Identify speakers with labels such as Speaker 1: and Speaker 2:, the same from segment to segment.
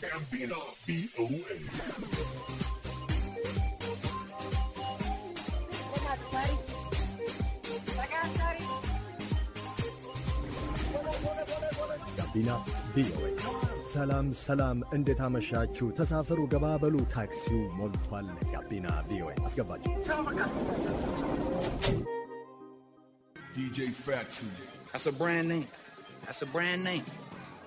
Speaker 1: ጋቢና ቪኦኤ
Speaker 2: ጋቢና ቪኦኤ። ሰላም ሰላም፣ እንዴት አመሻችሁ? ተሳፈሩ፣ ገባበሉ፣ ታክሲው ሞልቷል። ጋቢና ቪኦኤ አስገባችሁ።
Speaker 3: ዲጄ Fatsu. ስ ብራንድ ኔም ስ ብራንድ ኔም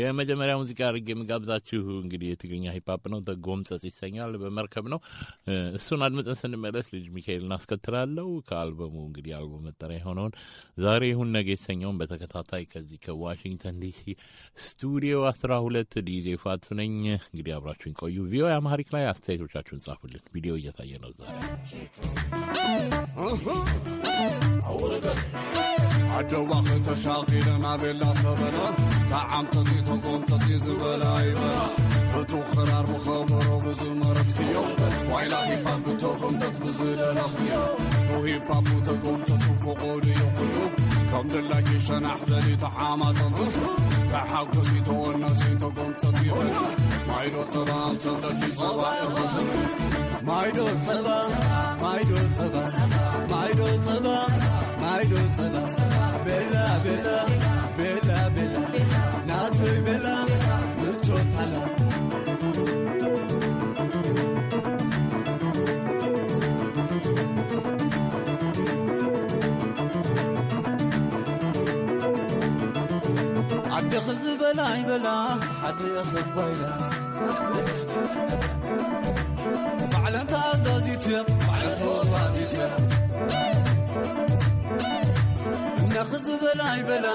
Speaker 4: የመጀመሪያ ሙዚቃ አድርጌ የምጋብዛችሁ እንግዲህ የትግርኛ ሂፓፕ ነው። ጎምጸጽ ይሰኛል። በመርከብ ነው። እሱን አድምጠን ስንመለስ ልጅ ሚካኤል እናስከትላለው። ከአልበሙ እንግዲህ አልበም መጠሪያ የሆነውን ዛሬ ይሁን ነገ የተሰኘውን በተከታታይ ከዚህ ከዋሽንግተን ዲሲ ስቱዲዮ አስራ ሁለት ዲጄ ፋቱ ነኝ። እንግዲህ አብራችሁን ቆዩ። ቪኦኤ አማሪክ ላይ አስተያየቶቻችሁን ጻፉልን። ቪዲዮ እየታየ ነው ዛሬ
Speaker 5: አደዋ do want بلا خبرة تعم تزيد وقوم تزيد بلا يبرا بتو خرار مخابر وبزو مرت خيو وإلهي باب توقم تتبزل الأخيو توهي باب تقوم تتوفق وليو كلو كم دلاجي شنح دلي تعامة تطلو تحاكسي تونسي تقوم تطيبني ما يدو تبان تبلكي صبا يخزن ما يدو تبان ما
Speaker 2: يدو تبان ما يدو تبان ما يدو تبان بلا بلا
Speaker 1: እዝ በላይ በላ ሓደ ይኽባይላ ባዕለንታ ኣዛዚት እያ ባዕለቶ ኣዛዚት እያ እናኽዝ በላይ በላ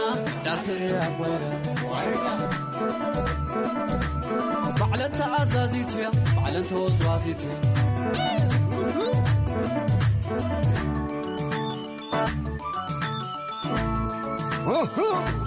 Speaker 1: ዳርክያ ጓይላ
Speaker 6: ባዕለንታ ኣዛዚት እያ ባዕለንቶ ኣዛዚት እያ
Speaker 5: Woohoo!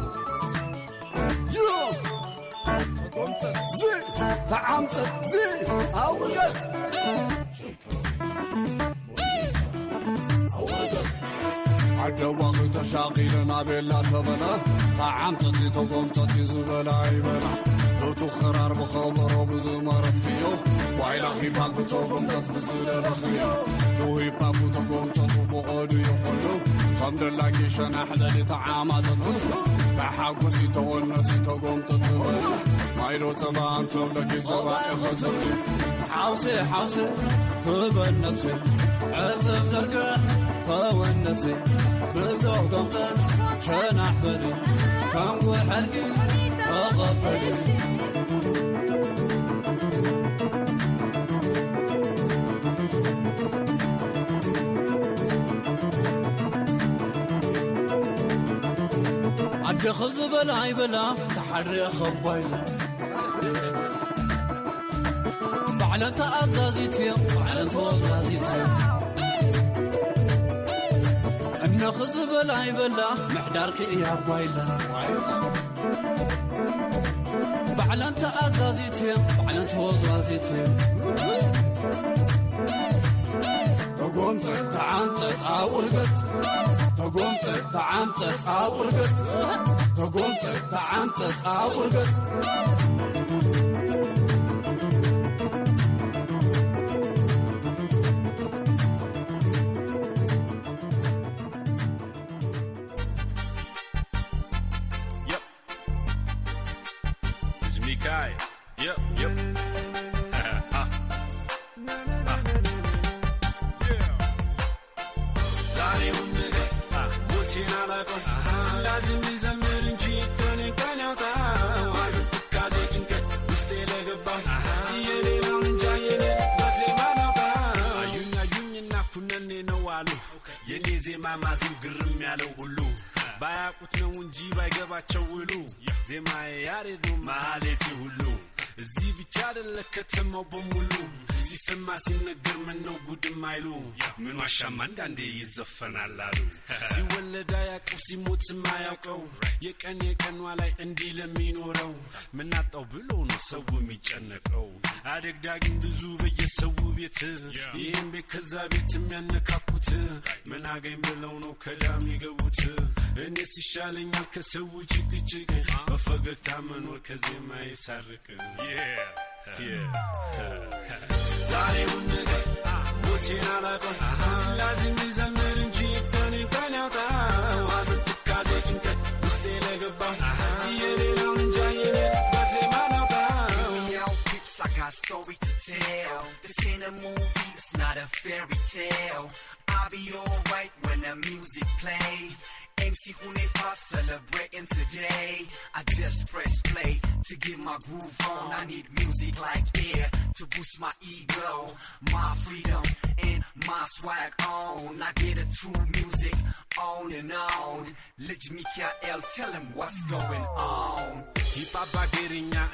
Speaker 5: عدوغ تشاقلنا بلا تبنا طعم تطي تقوم تطي زبلا عيبنا لو تخرار بخمر وبزمرت فيو وايلا خيبان بتوقم تطبزل رخيو تو هيبان بتقوم تطفو قدو يخلو الحمد لله كيشان أحلى لطعامات تطفو ተሓጐሲቶ ወነሲቶጎም ጥጥበ ማይሎ ተባኣንቶም ደቂ ዘባኢኸዘብ ሓውሴ ሓውሴ ትበል ነብሴ
Speaker 2: ዕጥብ ዘርግዕ ተወነሴ ብቶጎምጠን ሸናሕበሊ ከምጉ ሕልጊ ተቐበሊ
Speaker 1: خذ بلاي بلا تحري خبيلا
Speaker 5: بعلى تأذيت يا بعلى توغذيت يا ابن خذ بلاي بلا محدارك يا
Speaker 2: بويلا بعلى تأذيت يا
Speaker 5: بعلى توغذيت يا تقوم تقطع تقطع ورقت تقوم تقطع تقطع ورقت ተጎምተህ ተዓንተህ ኣውርገት Yep, yep. ያለው ሁሉ ባያቁት ነው እንጂ ባይገባቸው ውሉ ዜማዬ ያሬዱ ማሌቴ ሁሉ እዚህ ብቻ አይደለ ከተማው በሙሉ ሲሰማ ሲነገር ምን ነው ጉድም አይሉ ምን ዋሻም አንዳንዴ ይዘፈናል አሉ ሲወለዳ ያቀው ሲሞት ማያውቀው የቀን የቀኗ ላይ እንዲህ ለሚኖረው ምናጣው ብሎ ነው ሰው የሚጨነቀው አደግዳግን ብዙ በየሰው ቤት ይህም ቤት ከዛ ቤት የሚያነካኩት ምን አገኝ ብለው ነው ከዳም የገቡት እኔ ሲሻለኛል ከሰው ጭቅጭቅ በፈገግታ መኖር ከዜማ ይሳርቅ Yeah.
Speaker 2: I got story to tell. This ain't a movie, it's not a fairy tale. I'll be alright when the music play. MC Hune Pop celebrating today. I just press play to get my groove on. I need music like air to boost my ego, my freedom, and my swag on. I get a true music on and on. Let me tell
Speaker 5: him what's going on. ሂፕ I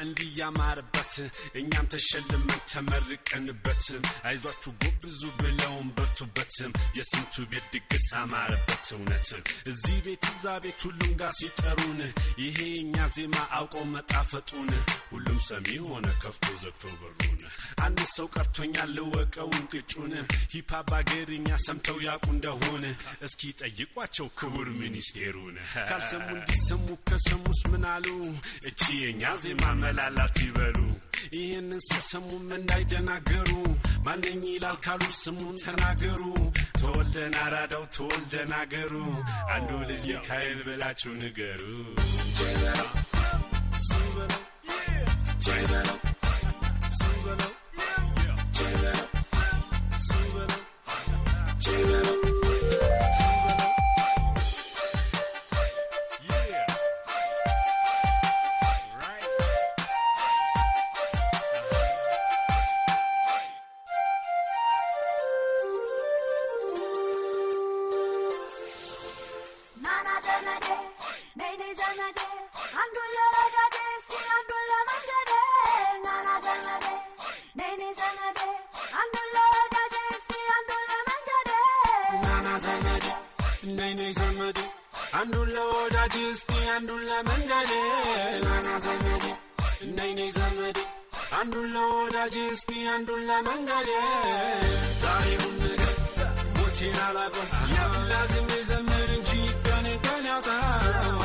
Speaker 5: እንዲያማርበትን እኛም ተሸልመን ተመርቀንበትን አይዟችሁ ጎብዙብን አይታጡበትም የስንቱ ቤት ድግስ አማረበት እውነት እዚህ ቤት እዛ ቤት ሁሉም ጋር ሲጠሩን ይሄ እኛ ዜማ አውቆ መጣፈጡን ሁሉም ሰሚ ሆነ ከፍቶ ዘግቶ በሩን አንድ ሰው ቀርቶኛል ልወቀውን ቅጩን ሂፓፕ አገርኛ ሰምተው ያውቁ እንደሆነ እስኪ ጠይቋቸው ክቡር ሚኒስቴሩን ካልሰሙ እንዲሰሙ ከሰሙስ ምናሉ እቺ የእኛ ዜማ መላላት ይበሉ ይህንን ሲሰሙም እንዳይደናገሩ ማነኝ ይላል ካሉ ስሙን ተናገሩ። ተወልደን አራዳው ተወልደን አገሩ አንዱ ልጅ ሚካኤል ብላችሁ ንገሩ። J-Lo, J-Lo, አንዱን ለመንገድ ላና ዘመዴ ነይ ነይ አንዱን ለወዳጅ እስቲ አንዱን ለመንገዴ ዛሬ ሁን ነገር ሞቴን አላቆም ያብላዝም ዘምር እንጂ ቀን ቀን ያውቃል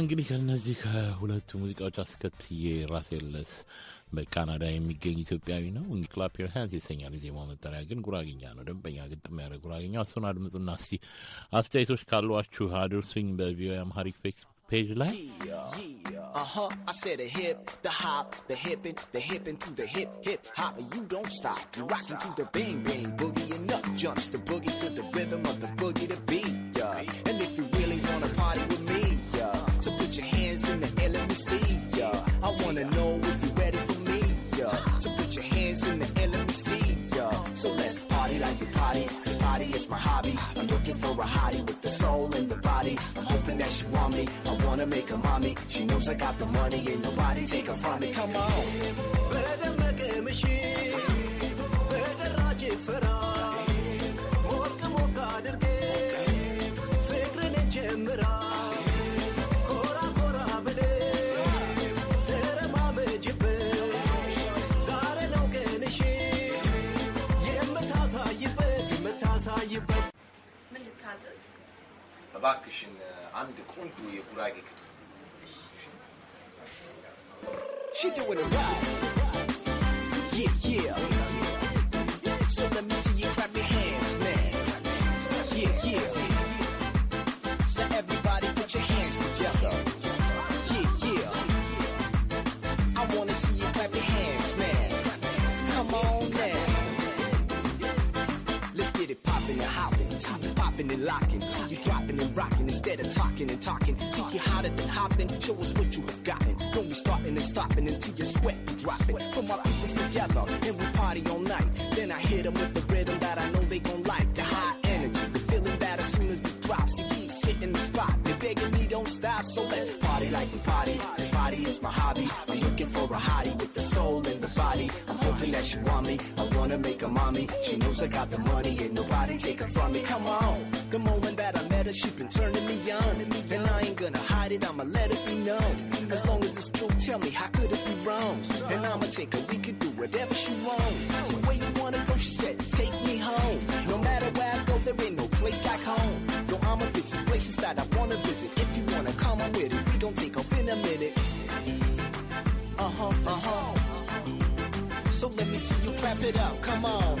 Speaker 4: እንግዲህ ከእነዚህ ከሁለቱ ሙዚቃዎች አስከትዬ ራሴለስ በካናዳ የሚገኝ ኢትዮጵያዊ ነው። ክላፕ ዮር ሃንድስ ይሰኛል። የዜማው መጠሪያ ግን ጉራግኛ ነው። ደንበኛ ግጥም ያለ ጉራግኛ። እሱን አድምጡና እስቲ አስተያየቶች ካሏችሁ አድርሱኝ በቪኦኤ አምሃሪክ ፌስቡክ page like
Speaker 3: yeah. yeah. uh-huh i said the hip the hop the hippin the hippin to the hip hip hop you don't stop you rockin' to the bang bang boogie and up jumps the boogie to the rhythm of the boogie to beat yeah and if you a hottie with the soul and the body. I'm hoping that she want me. I wanna make her mommy. She knows I got the money and nobody take her from me. Come on. She doing it right. me. I wanna make her mommy. She knows I got the money and nobody take her from me. Come on. The moment that I met her, she's been turning me on. And I ain't gonna hide it, I'ma let it be known. As long as it's true, tell me how could it be wrong? And I'ma take her, we can do whatever she wants. it up, come on.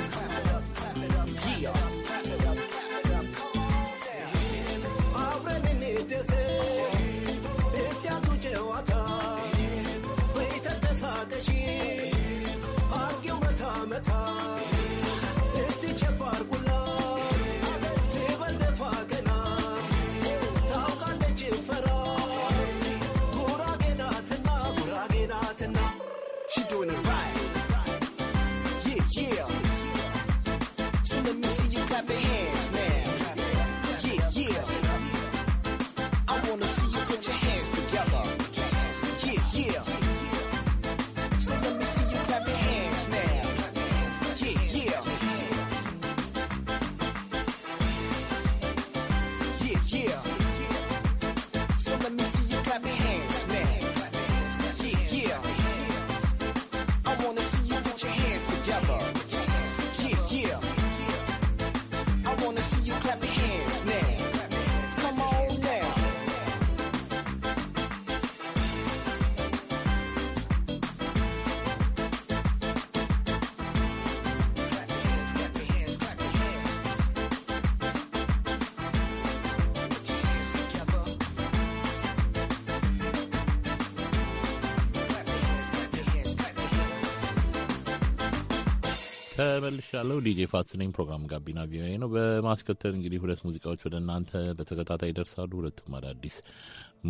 Speaker 4: ተመልሻለሁ። ዲጄ ፋትስ ነኝ። ፕሮግራም ጋቢና ቪኦኤ ነው። በማስከተል እንግዲህ ሁለት ሙዚቃዎች ወደ እናንተ በተከታታይ ይደርሳሉ። ሁለቱም አዳዲስ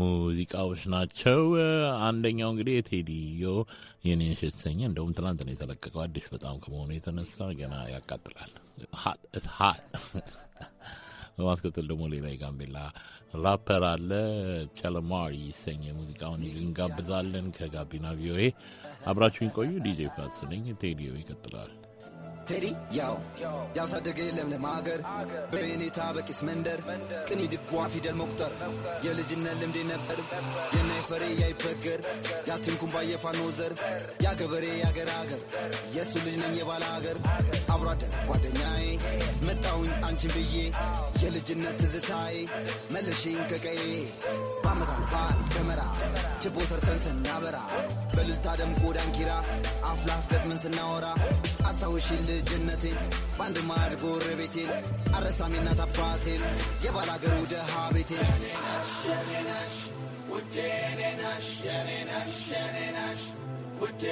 Speaker 4: ሙዚቃዎች ናቸው። አንደኛው እንግዲህ የቴዲዮ የኔንሽ የተሰኘ እንደውም ትናንት ነው የተለቀቀው። አዲስ በጣም ከመሆኑ የተነሳ ገና ያቃጥላል። በማስከተል ደግሞ ሌላ የጋምቤላ ራፐር አለ ቸለማሪ ይሰኘ ሙዚቃውን እንጋብዛለን። ከጋቢና ቪኦኤ አብራችሁን ቆዩ። ዲጄ ፋትስ ነኝ። ቴዲዮ ይቀጥላል።
Speaker 6: ቴዲ ያው ያሳደገ የለምለም ሀገር በኔታ በቂስ መንደር ቅን ድጓ ፊደል መቁጠር የልጅነት ልምዴ ነበር። የና የፈሬ ያይበገር ያትንኩምባ የፋኖ ዘር ያገበሬ ያገር ሀገር የእሱ ልጅ ነኝ የባለ አገር አብሮ አደር ጓደኛዬ መጣውኝ አንቺን ብዬ የልጅነት ትዝታዬ መለሽኝ ከቀዬ በአመት በዓል ደመራ ችቦ ሰርተን ስናበራ በልልታ ደምቆ ዳንኪራ አፍላፍ ገጥመን ስናወራ አስታውሺኝ ልጅነቴን በአንድ ማድ ጎረቤቴን አረሳም እናት
Speaker 2: አባቴን የባላገሩ
Speaker 6: ደሃ ቤቴን Would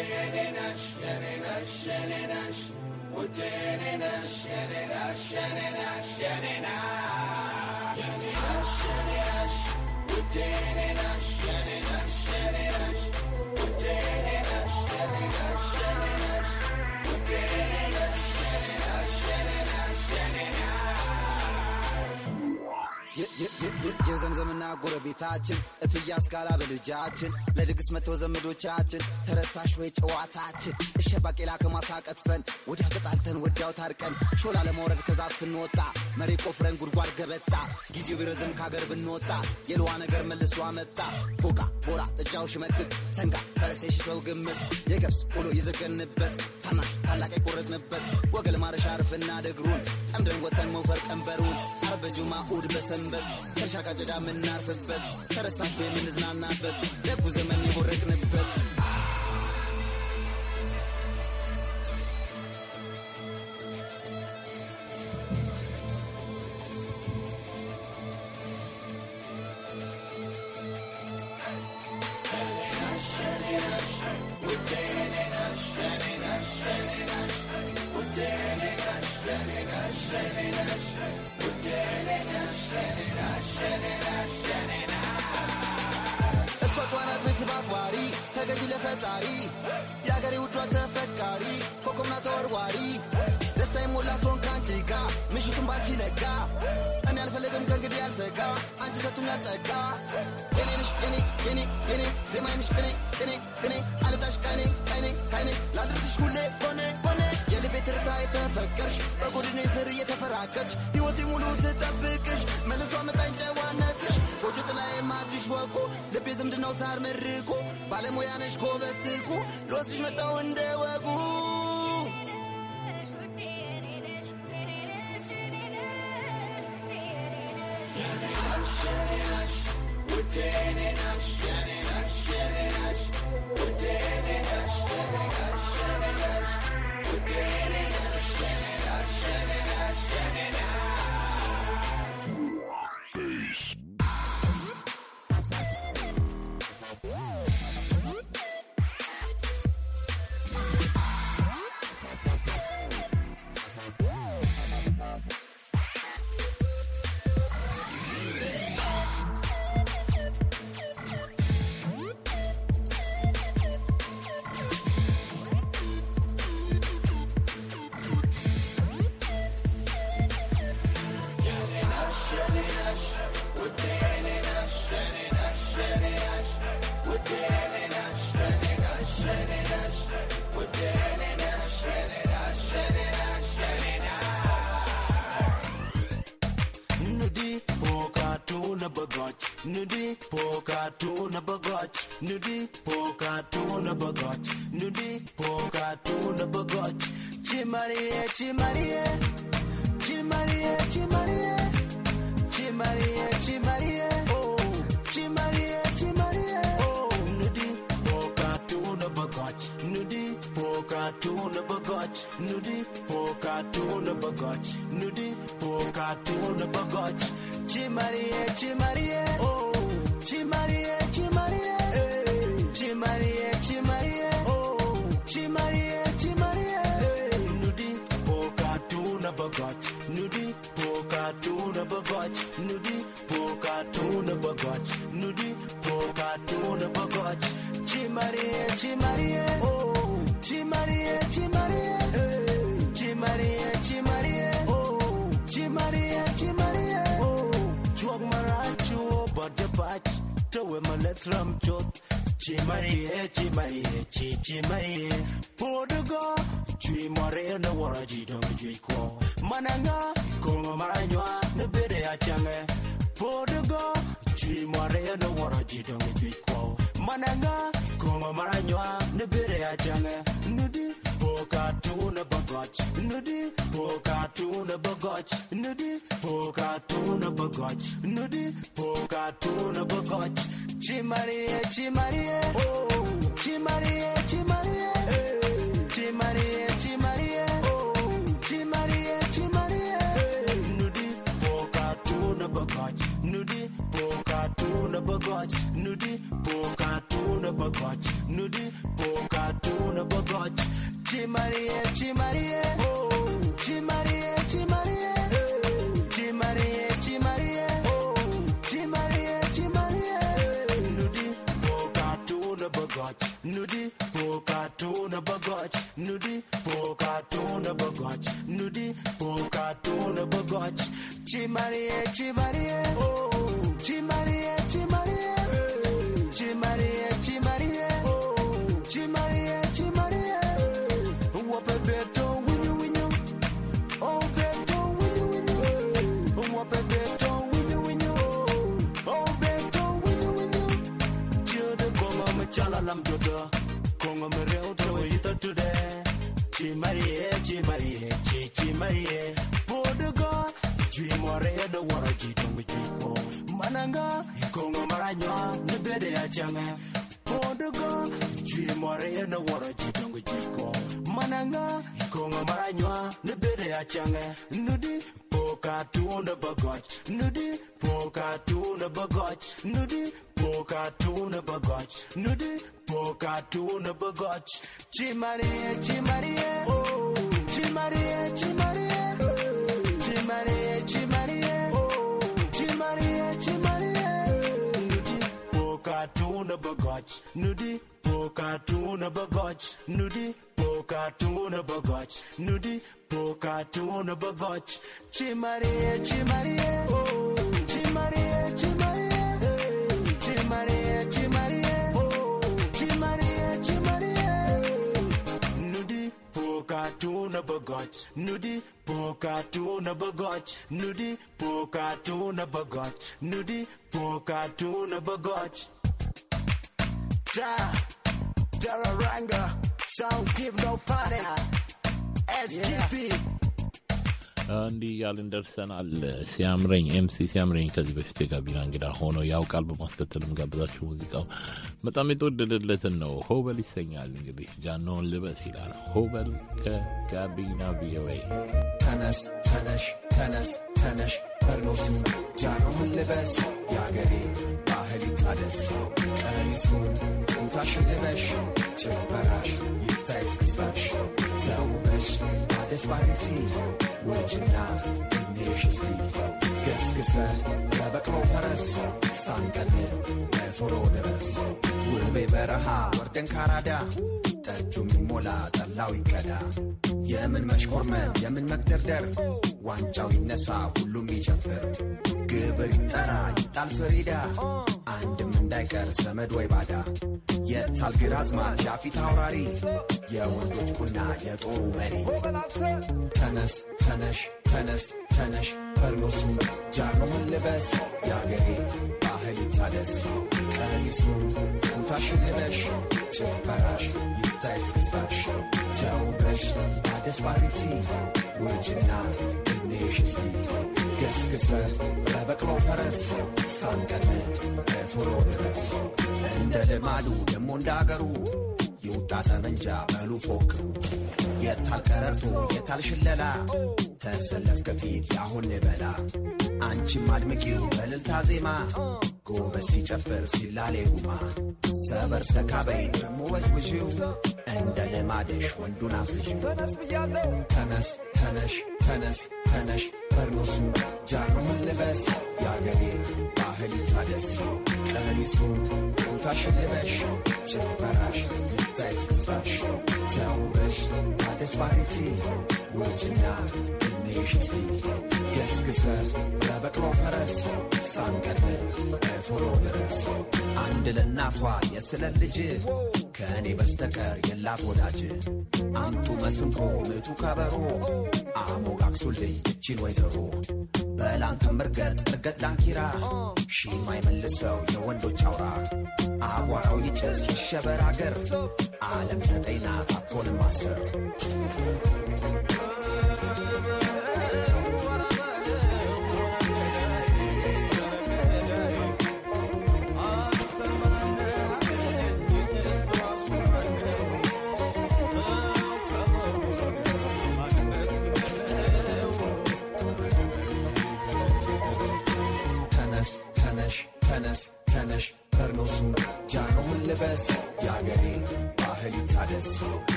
Speaker 6: ዘመድና ጎረቤታችን እትዬ አስካላ በልጃችን ለድግስ መተው ዘመዶቻችን ተረሳሽ ወይ ጨዋታችን እሸ ባቄላ ከማሳ ቀጥፈን ወዲያው ተጣልተን ወዲያው ታርቀን ሾላ ለመውረድ ከዛፍ ስንወጣ መሬ ቆፍረን ጉድጓድ ገበጣ ጊዜው ቢረዝም ካገር ብንወጣ የልዋ ነገር መልሶ መጣ ቦቃ ቦራ ጥጃው ሽመትት ሰንጋ ፈረሴ ሽሰው ግምት የገብስ ቆሎ የዘገንበት ታናሽ ታላቅ የቆረጥንበት ወገል ማረሻ ርፍና ደግሩን ጠምደን ወተን መውፈር ቀንበሩን በጁማ እሑድ በሰንበት ከርሻ ጀዳ የምናርፍበት ተረሳሽ የምንዝናናበት ደጉ ዘመን የቦረቅንበት ባለሙያነሽ ኮበስትኩ ሎስሽ መጣው እንደ ወጉ
Speaker 2: Yeah, yeah, yeah, yeah, yeah, yeah, yeah, yeah, yeah, yeah, yeah, yeah,
Speaker 1: nudi poka tuna bagot nudi poka tuna bagot nudi poka tuna bagot chimarie chimarie chimarie chimarie chimarie chimarie oh chimarie chimarie oh nudi poka tuna bagot nudi poka tuna bagot nudi poka tuna bagot nudi poka tuna bagot Chimarie, Chimarie, oh, Chimarie, Chimarie, eh, Chimarie, Chimarie, oh, Chimarie, Chimarie, eh, Nudi, Nudi, Nudi, Nudi, Chimarie, Chimarie, oh, Chimarie. towe manetra mchot chimaye chimaye chi chimaye podugo chui more na wora ji dong jui mananga kongo manywa ne bere achange podugo chui mware no wara ji dong chui kwa mananga kongo maranywa ne bere ajanga nudi poka tu ne nudi poka tu ne nudi poka tu ne nudi poka tu ne bagoch chimarie chimarie oh chimarie chimarie chimarie chimarie tuna bagaj nudi poka tuna bagaj nudi poka tuna bagaj chimarie chimarie oh chimarie chimarie chimarie chimarie oh chimarie chimarie nudi poka tuna bagaj nudi poka tuna bagaj nudi poka tuna bagaj nudi poka tuna bagaj chimarie chimarie nanga ikongo maranywa ne bede achanga podogo chwe more na woro chitongo chiko mananga ikongo maranywa ne bede changa nudi poka tuna bagoch, nudi poka tuna bagoch, nudi poka tuna bagoch, nudi poka tuna bagoj chimari chimari oh chimari tuna bagaj nudi poka tuna bagaj nudi poka tuna bagaj nudi poka tuna bagaj chimare chimare oh chimare chimare chimare chimare oh chimare chimare nudi poka tuna bagaj nudi poka na bagot nudi poka na bagot nudi pokatu na bagot Da, Ranga Sound give no party,
Speaker 7: SGP
Speaker 4: እንዲህ እያልን ደርሰናል። ሲያምረኝ ኤምሲ ሲያምረኝ ከዚህ በፊት የጋቢና እንግዳ ሆኖ ያውቃል። በማስከተልም ጋብዛችሁ ሙዚቃው በጣም የተወደደለትን ነው። ሆበል ይሰኛል። እንግዲህ ጃኖውን ልበስ ይላል። ሆበል ከጋቢና ቪኦኤ
Speaker 2: ተነስ ተነሽ ተነስ ተነሽ በርኖሱ ጃኖውን ልበስ የአገሬ ማህሌት አደስ ቀነኒሱ ፎታሽ ልበሽ ጭፈራሽ ይታይ ፍቅሳሽ ተውበሽ አደስ ባለቲ ውርጅና እኔሽ እስኪ ገስግሰ በበቅሎ ፈረስ ሳንቀን ቶሎ ድረስ ውህቤ በረሃ ወርደን ካራዳ ጠጁ የሚሞላ ጠላው ይቀዳ የምን መሽኮርመን የምን መቅደርደር ዋንጫው ይነሳ ሁሉም ይጨፍር ግብር ይጠራ ይጣል ፍሪዳ አንድም እንዳይቀር ዘመድ ወይ ባዳ የታል ግራዝማች ያፊት አውራሪ የወንዶች ቁና የጦሩ መሪ ተነስ ተነሽ ተነስ ተነሽ በርኖሱን ጃኖህን ልበስ የአገሬ ባህል ይታደስ ቀሚሱን ኩታሽን ልበሽ ጭበራሽ ይታይ ፍሳሽ ተውበሽ አደስ ባሪቲ ውርጅና nation በበቅሎ ፈረስ ሳንቀን በቶሎ ድረስ እንደ ልማዱ ደሞ እንዳገሩ የውጣ ጠመንጃ በሉ ፎክሩ የታል ቀረርቶ የታል ሽለላ ተሰለፍ ከፊት ያሁን በላ አንቺም አድምቂው በልልታ ዜማ ጎበስ ሲጨፍር ሲላሌ ጉማ ሰበር ሰካበይ ደሞ ወዝውዥው እንደ ልማድሽ ወንዱን አፍሽ ተነስ ብያለሁ። ተነስ ተነሽ ተነስ ተነሽ በርኖሱን ጃኖን ልበስ የአገሬ ባህል ታደስ ቀሚሱን ቁታሽን ልበሽ ጭፈራሽ ይታይስሳሽ ተውበሽ ታደስ ባሪቲ ውርጅና ትንሽ ስ ገስግሰ ለበቅሎ ፈረስ ሳንቀድ ቶሎ ድረስ አንድ ለእናቷ የስለ ልጅ ከእኔ በስተቀር የላት ወዳጅ አምጡ መስንቆ ምቱ ከበሮ አሞጋግሱልኝ እቺን ወይዘሮ በላንተም እርገጥ እርገጥ ዳንኪራ ሺ የማይመልሰው የወንዶች አውራ አቧራው ይጨስ ይሸበር አገር ዓለም ዘጠኝ ናት አስር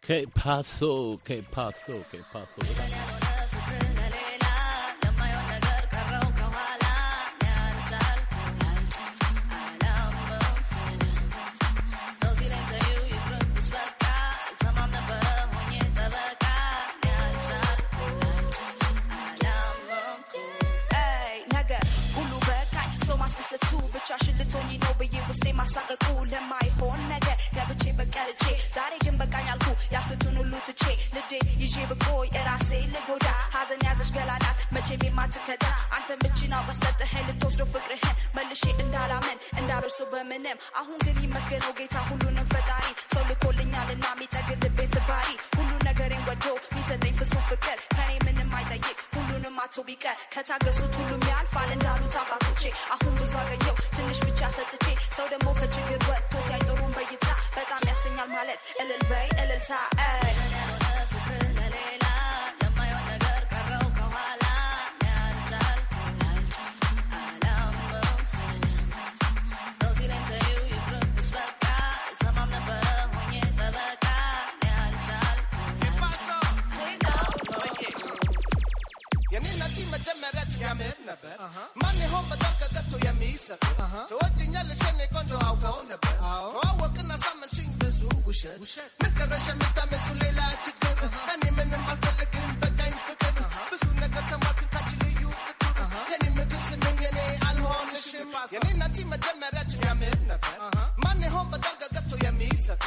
Speaker 4: Qué paso, qué paso, qué paso.
Speaker 7: አልነበረም። አሁን ግን ይመስገነው ጌታ ሁሉንም ፈጣሪ ሰው ልኮልኛልና የሚጠግንልብኝ ስባሪ ሁሉ ነገሬን ወዶ የሚሰጠኝ ፍጹም ፍቅር ከኔ ምንም አይጠይቅ ሁሉንም አቶ ቢቀር ከታገሱት ሁሉም ያልፋል እንዳሉት አባቶቼ አሁን ብዙ አገኘው ትንሽ ብቻ ሰጥቼ ሰው ደግሞ ከችግር ወጥቶ ሲያይጠሩን በይታ በጣም ያሰኛል ማለት እልል በይ እልልታ መጀመሪያ
Speaker 6: ጭጋምር ነበር ማን ይሆን በጣም ከገብቶ የሚሰጥ ተወጅኛለሽ የኔ ቆንጆ አውቀው ነበር ተዋወቅን አሳመንሽኝ ብዙ ውሸት መጨረሻ የምታመጩ ሌላ ችግር እኔ ምንም አልፈልግም በቃኝ ፍቅር ብዙ ነገር ተማርክታች ልዩ ፍቅር የኔ ምግብ ስምኝ የኔ አልሆንሽም የኔ ናቺ መጀመሪያ ጭጋምር ነበር ማን ይሆን በጣም ከገብቶ የሚሰጥ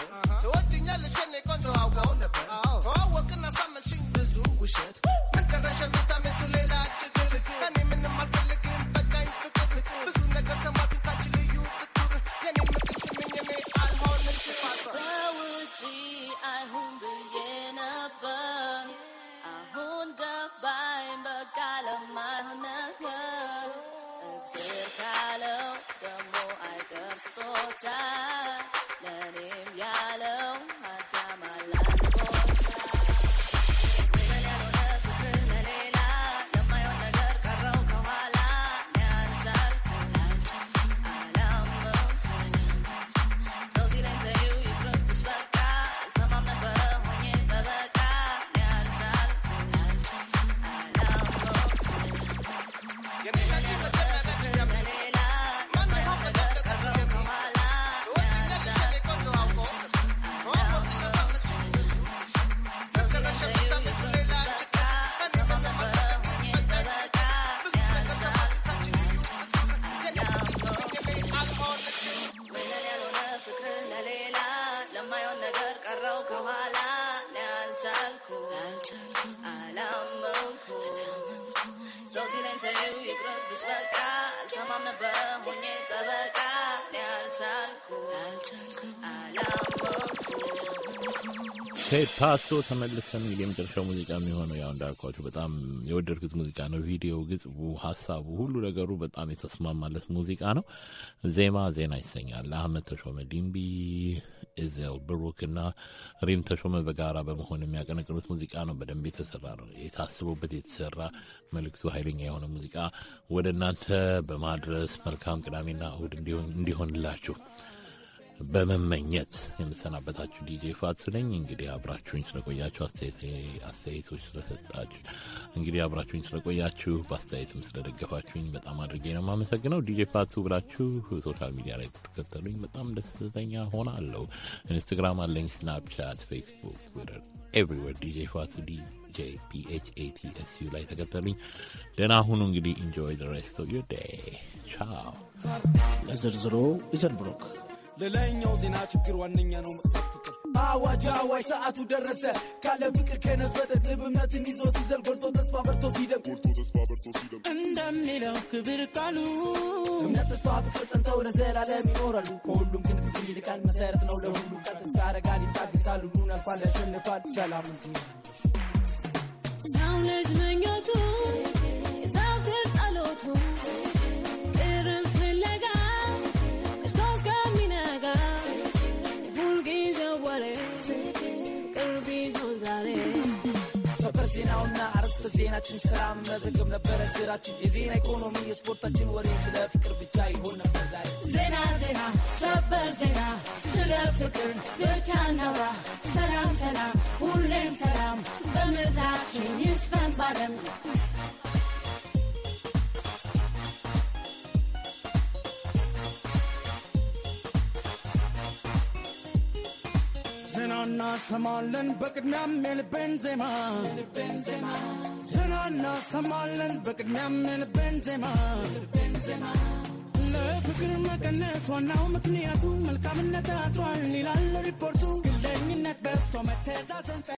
Speaker 4: ፓሶ ተመልሰን የመጨረሻው ሙዚቃ የሚሆነው ያው እንዳልኳችሁ በጣም የወደድኩት ሙዚቃ ነው። ቪዲዮ፣ ግጽቡ፣ ሀሳቡ፣ ሁሉ ነገሩ በጣም የተስማማለት ሙዚቃ ነው። ዜማ ዜና ይሰኛል። አህመድ ተሾመ ዲምቢ፣ ኢዜል ብሩክ እና ሪም ተሾመ በጋራ በመሆን የሚያቀነቅኑት ሙዚቃ ነው። በደንብ የተሰራ ነው። የታስቦበት የተሰራ መልእክቱ ኃይለኛ የሆነ ሙዚቃ ወደ እናንተ በማድረስ መልካም ቅዳሜና እሁድ እንዲሆንላችሁ በመመኘት የምሰናበታችሁ ዲጄ ፋት ነኝ። እንግዲህ አብራችሁኝ ስለቆያችሁ አስተያየቶች ስለሰጣችሁ እንግዲህ አብራችሁኝ ስለቆያችሁ በአስተያየትም ስለደገፋችሁኝ በጣም አድርጌ ነው የማመሰግነው። ዲጄ ፋትሱ ብላችሁ ሶሻል ሚዲያ ላይ ተከተሉኝ። በጣም ደስተኛ ሆናለሁ። ኢንስትግራም አለኝ፣ ስናፕቻት፣ ፌስቡክ፣ ትዊተር ኤቭሪዌር ዲጄ ፋትሱ ዲጄ ፒኤችኤቲኤስዩ ላይ ተከተሉኝ። ደህና ሁኑ። እንግዲህ ኢንጆይ ዘ ሬስት ኦፍ ዮር ዴይ ቻው። ለዝርዝሮ ኢዘን
Speaker 1: ለላይኛው ዜና ችግር ዋነኛ ነው መጥፋት ፍቅር አዋጅ አዋጅ ሰዓቱ ደረሰ ካለ ፍቅር ከነስ በጠቅ ልብ እምነትን ይዞ ሲዘል ጎልቶ ተስፋ በርቶ ሲደም እንደሚለው ክብር ቃሉ እምነት ተስፋ ፍቅር ጸንተው ለዘላለም ይኖራሉ። ከሁሉም ግን ፍቅር ይልቃል መሰረት ነው ለሁሉ ቀጥ እስካረጋል ይታግሳሉ ሁሉን አልፏል ያሸንፋል ሰላም
Speaker 7: እንጂ ሰው ልጅ መኘቱ ሁላችን ስራ መዘገብ ነበረ ስራችን
Speaker 2: የዜና ኢኮኖሚ የስፖርታችን ወሬ ስለ ፍቅር ብቻ ይሆን ነበር ዛሬ
Speaker 7: ዜና ዜና ሰበር ዜና ስለ ፍቅር ብቻ ነራ ሰላም ሰላም ሁሌም ሰላም በምድራችን ይስፈን ባለም
Speaker 1: ዜና እናሰማለን በቅድሚያም የልቤን
Speaker 2: ዜማ
Speaker 1: ዜናዎችን እናሰማለን። በቅድሚያም የልቤን ዜማ ለፍቅር መቀነስ ዋናው ምክንያቱ መልካምነት አጥሯል ይላል ሪፖርቱ። ግለኝነት በዝቶ መተዛዘን